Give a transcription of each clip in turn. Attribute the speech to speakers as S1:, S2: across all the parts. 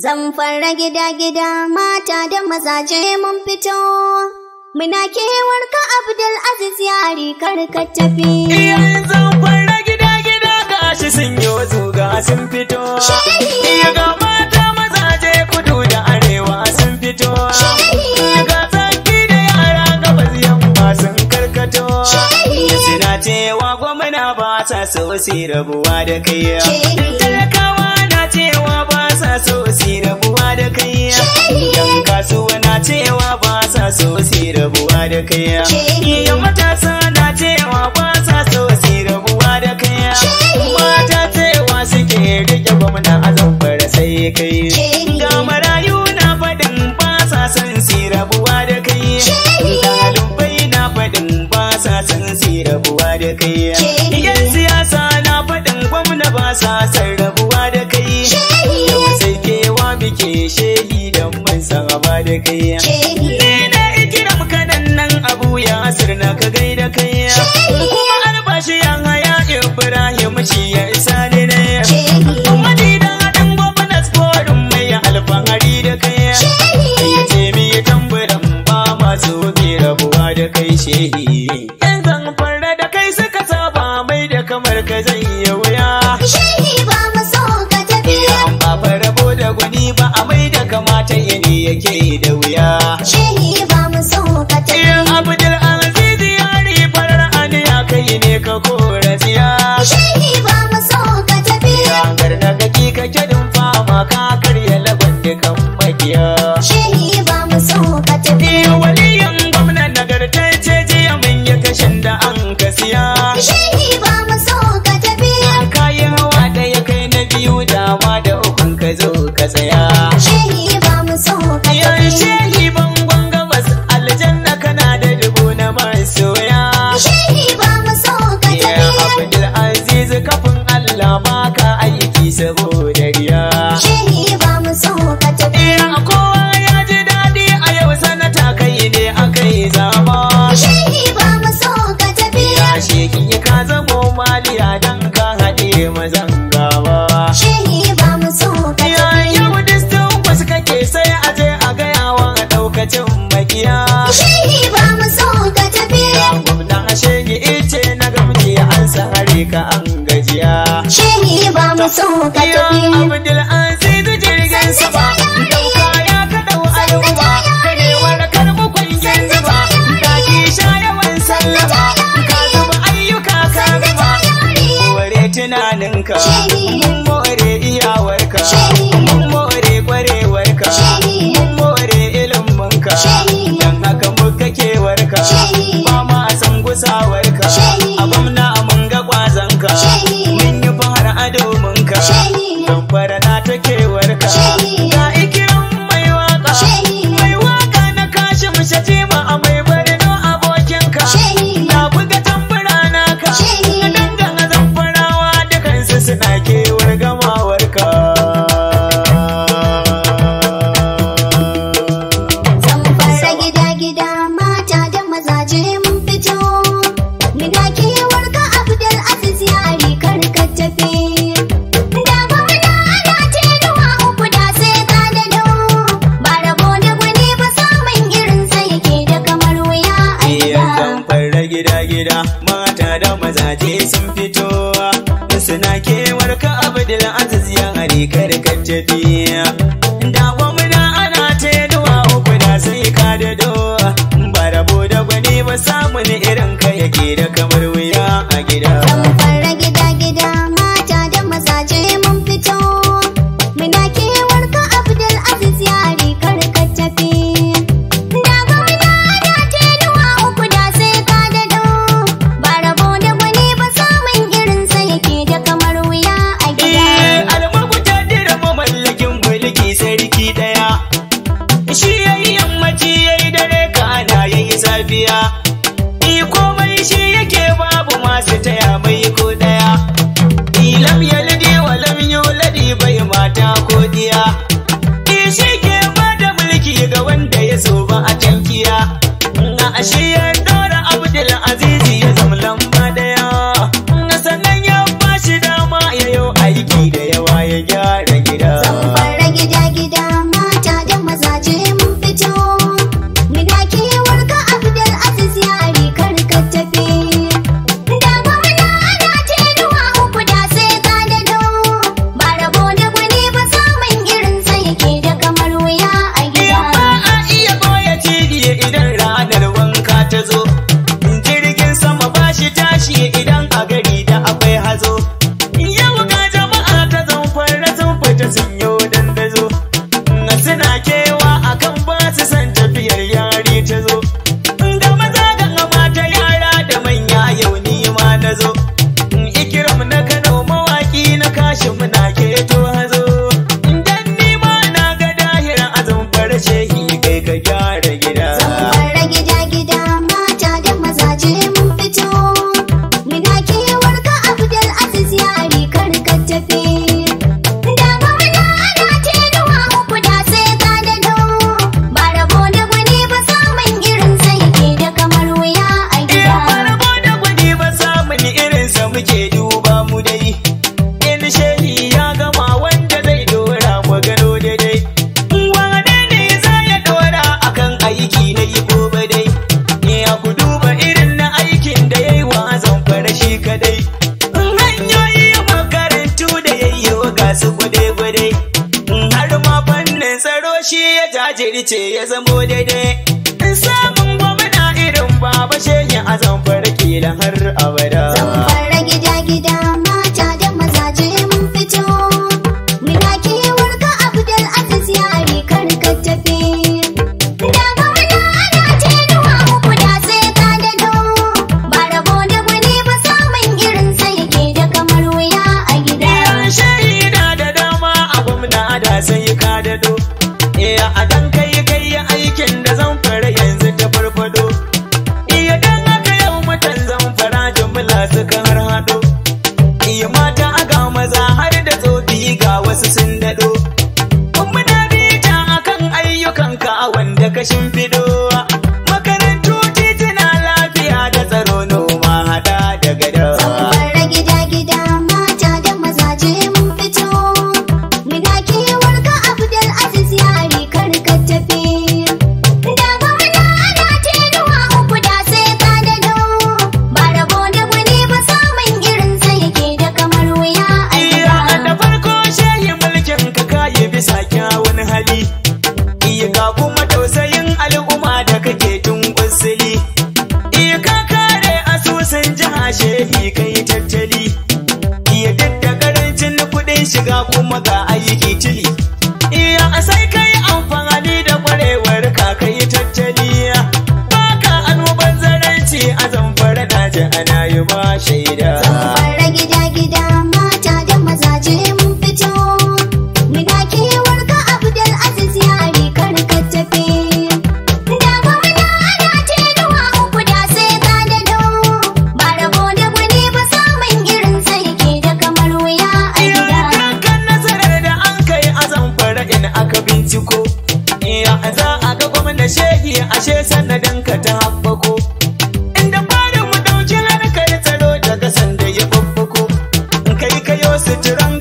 S1: Zan fara gida-gida mata da mazaje mun fito, muna kewar ka Abdul Aziz yari kar ka tafi. Zan fara gida-gida gashi sun yi wasu ga sun fito. ga mata
S2: mazaje kudu da arewa sun fito. Ga da yara gabas yamma sun karkato. Suna cewa gwamna ba sa so rabuwa da kai. Talakawa na cewa ba sa so si rabuwa da kai yan kasuwa na cewa ba sa so si rabuwa da kai ya. iya matasa na cewa ba sa so si rabuwa da kai ya. mata cewa suke rike gwamna a zamfara sai kai ga marayu na faɗin ba sa son si rabuwa da kai ɗalibai na faɗin ba sa son si rabuwa da kai yan siyasa na faɗin gwamna ba sa son rabuwa ce shehi dan ban san ba da kai ni na ikiram kanan nan abu ya asir na ka gaida kai kuma albashi yan haya ibrahim shi ya isa kake mazan gaba shehi ba mu so ka yayi wadistin wasu kake sai a je a gaya wa a daukacin bakiya. shehi ba mu so ka tafi gwamna shehi ice na gamji an sahare ka an gajiya shehi ba mu so ka tafi Jamaica. Jamaica. video. matsaloli iya duk da karancin kuɗin shiga kuma ga aiki tili iya sai kai amfani da kwarewar ka kai tattali baka annoban zaranci a zamfara daji ana yi ba shaida duniya za a ga na shehi ashe sanadin ka ta haɓɓako inda fara mu dauki harkar tsaro daga sanda ya babbako kai kayo suturan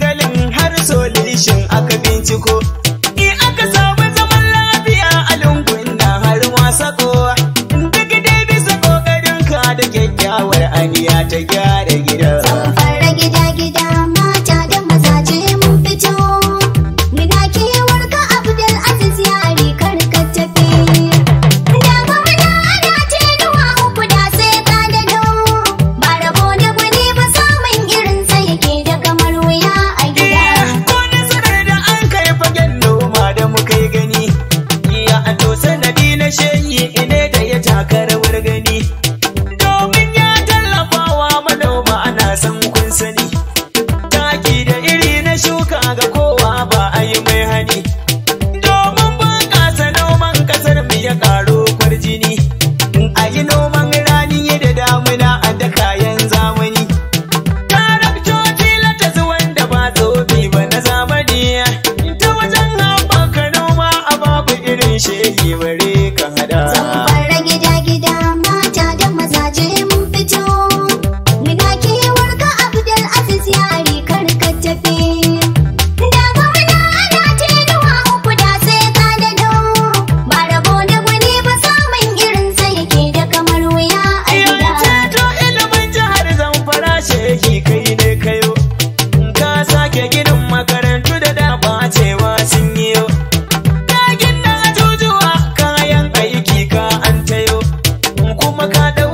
S2: kuma ka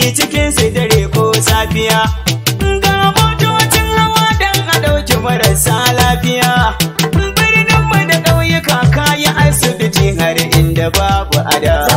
S2: titi cikin su dare ko safiya ga motocin hawa dan a ɗauki marasa lafiya birnin mu da ƙauyuka kayi asibiti har inda babu ada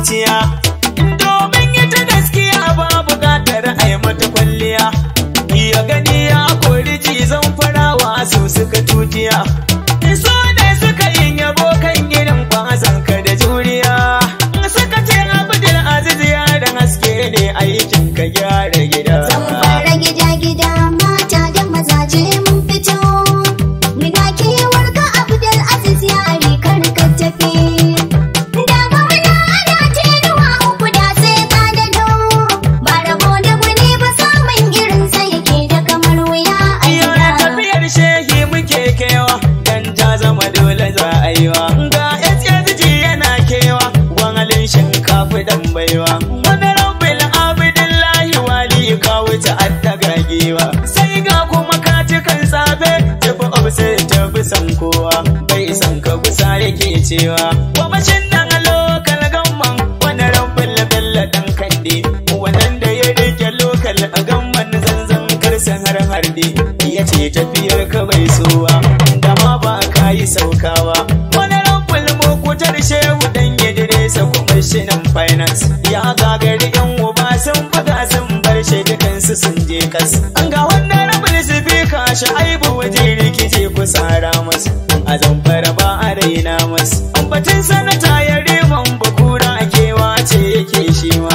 S2: zuciya domin ita gaskiya ba buƙatar a yi mata kwalliya ya gani ya kori ji cizon farawa su suka tutiya cewa kwamishin nan a lokal gamman wani rabin labella dan kande wannan da ya rike lokal a gamman zanzan karsan har harde ya ce tafiyar ka bai sowa da ma ba ka yi saukawa wani rabin mokutar shehu dan ya diresa kwamishinan finance ya gagari yan uba sun faga sun bar shi dukansu sun je kas an ga wannan rabin su aibu waje rikice kusa ramas a zamfara ba a raina batun sanata ya reman bakura kewa ce yake shewa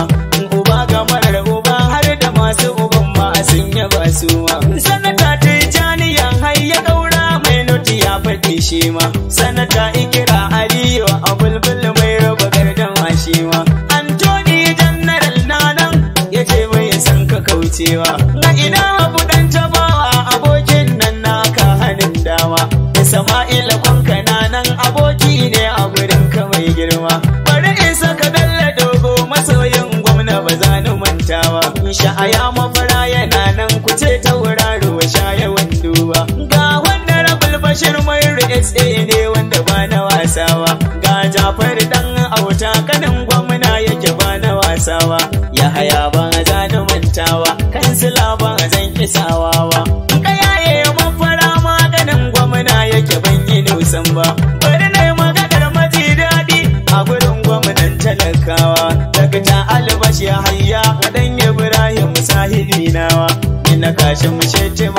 S2: uba ga marar uba har da masu uban ma sun yaba suwa sanata ta janiya har ya daura mai noti ya faɗi ma. sanata ikira aliyu a bulbul mai raba gardama shima antoni jannaral nanan ya ce mai san ka kaucewa a ina JSA ne wanda ba na wasawa ga Jafar dan auta kanin gwamna yake ba na wasawa ya haya ba za ni mantawa kansila ba zan kisawa ba ka yaye mafara maganin gwamna yake ban yi nusan ba bari na yi maganar maji daɗi a gurin gwamnan talakawa daga ta albashi hayya waɗan Ibrahim sahibi nawa ina kashin mu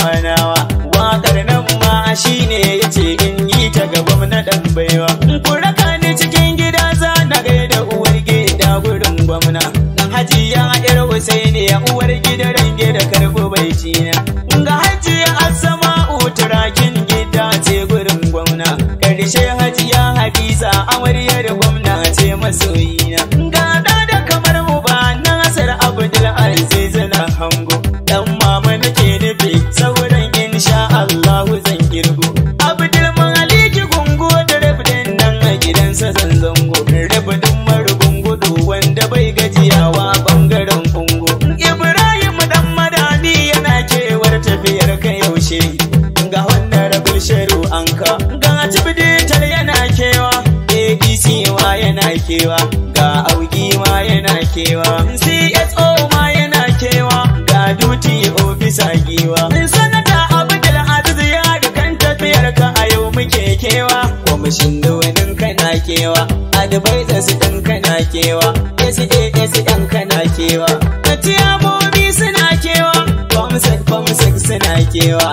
S2: ɗalibai da su ɗan kana kewa SAS ɗan kana kewa Katiyabobi suna kewa Kwamsak kwamsak suna kewa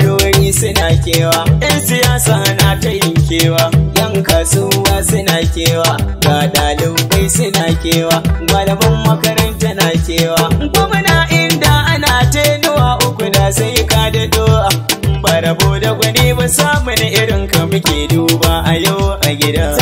S2: rori suna kewa Yan siyasa na ta yin kewa Yan kasuwa suna kewa Ga ɗalibai suna kewa Malaman makaranta na kewa Gwamna inda ana tenuwa uku da sai ka da do'a Barabo da gwani ba samun irin ka muke duba a yau a gida.